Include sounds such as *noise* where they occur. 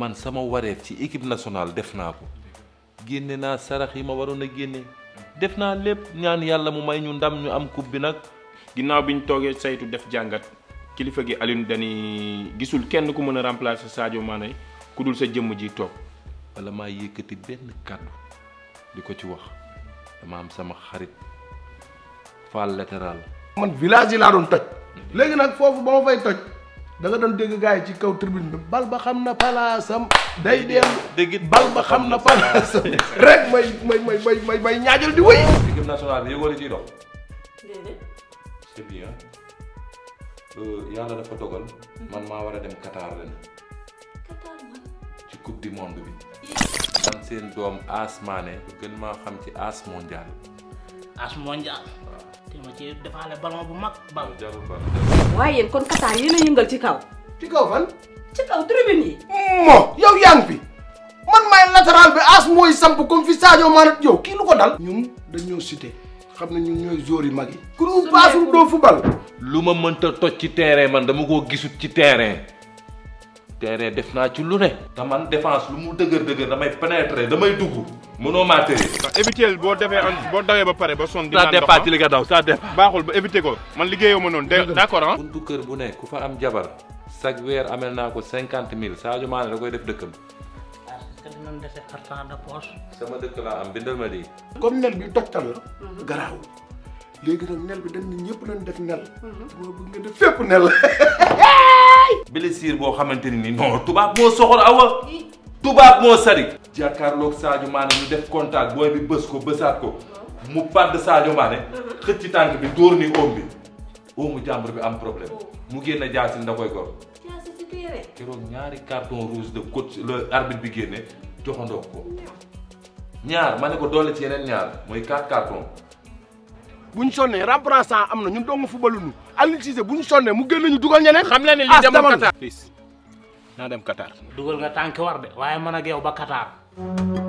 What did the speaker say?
man sama wareef ci équipe nationale def naa ko génne naa sarax yi ma waroon a génne def naa lépp ñaan yàlla mu may ñu ndam ñu am coupe bi nag. ginnaaw bi ñu toogee saytu def jàngat kilifa gi Alioune dañuy gisul kenn ku mën a remplacer Sadio Mané ku dul sa jëmm ji toog. wala maa yëkkati benn kàddu di ko ci wax dama am sama xarit Fall latéral. man village yi laa doon toj. léegi nag foofu ba ma fay toj. da nga don deg gaay ci kaw tribune bi bal ba xam na palaasam day dem dégg bal ba xam na rek may may may may may may ñaajal di wëy équipe nationale yego li ci dox c'est bien euh, yàlla dafa dogal man ma wara dem Qatar ren ci coupe du monde bi man seen dom asmané gën ma xam ci as mondial as mondial ci defaale ballon bu mag bal waaye yéen kon Qatar yéen a ci kaw ci kaw fan ci kaw tribune yi moo yow yang ngi fi man may latéral bi as moy samp comme fi Sadio manat yow ki lu ko dal ñun dañoo cité xam ne ñun ñoy joueurs yu magi ku ñu baasul doo football luma ma mënta toj ci terrain man dama ko gisut ci terrain terrain def naa ci lu ne. te man défense lu mu dëgër dëgër damay pénétrer damay dugg mënoo maa téye. waaw éviter boo defee boo dawee ba pare ba sonn. di naan ndox ah. li nga daw ça ba éviter ko man liggéeyoo ma noonu. d' accord ah. bu ne ku fa am jabar chaque weer amel naa ko cinquante mille Sadio Mané da koy def dëkkam. Ah, sama dëkk laa am bindal ma lii. comme nel bi docteur la. Mhm. garaawul léegi nag nel bi dañ ne ñëpp nañ def nel. a mhm. bëgg nga def fépp nel. *laughs* plaisir bo xamanteni ni non tubaab mo soxor awa tuba mo sari jàkkaarloog Sadio Mané ñu def contact boy bi bës ko bësaat ko mu pad Sadio Mané xëc ci bi dóor ni oom bi oomu bi am problème mu génn jaasi jaasi ci téré kéro ñaari carton rouge de coach le arbitre bi génne joxandoo ko ñaar mané ko dolé ci yenen ñaar moy quatre carton bu ñu sonnee remplaçant am na ñun dong fubaluñu Aliou Cissé bu ñu sonnee mu génn ñu dugal ñeneen. xam na ne li dem ah, Qatar naa dem Qatar. dugal nga tànk war de waaye man ak yow ba Qatar.